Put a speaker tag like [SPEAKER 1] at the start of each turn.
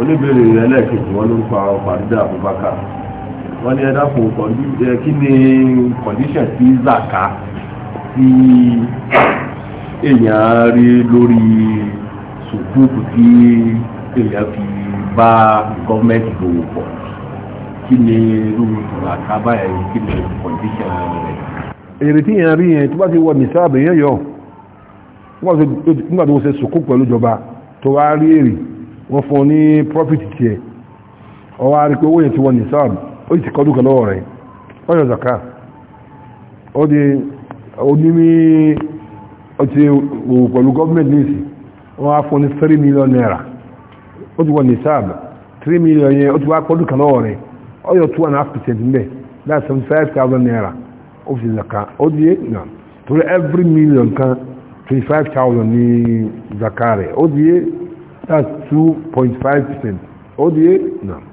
[SPEAKER 1] oníbèrè ẹlẹ́ẹ̀kejì wọn ló ń pa Farida Abubakar wọ́n ní ẹ̀dá fún kí ni condition ti zaka tí
[SPEAKER 2] èèyàn rí lórí sùkúùkù tí èèyàn fi bá gọ́ọ̀mẹ́ntì lòwò pọ̀ kí ni irú zaka báyìí kí ni condition rẹ̀.
[SPEAKER 3] èrè tí èèyàn rí yẹn tó bá ti wọ nìsáàbì yẹn yọ nígbà tó ṣe sùkúù pẹ̀lú ìjọba tó wá rí èrè wọ́n fún ní profit tiẹ̀ ọwọ́ arípé owó yẹn ti wọ́n ní sáàbù ó sì kọ́ dúkọ̀ lọ́wọ́ rẹ̀ ó yọ zaka ó di onímí ọtí òwò pẹ̀lú gọ́ọ̀mẹ̀ntì wọ́n fún ní 3 million naira ó ti wọ́n ní sáàbù 3 million yẹn ó ti wá kọ́ dúkọ̀ lọ́wọ́ rẹ̀ ó yọ percent that's 75,000 naira ó fi zaka ó di yé nà torí every million kan 25,000 ní zaka rẹ̀ ó di yé that's 2.5 percent ó di é náà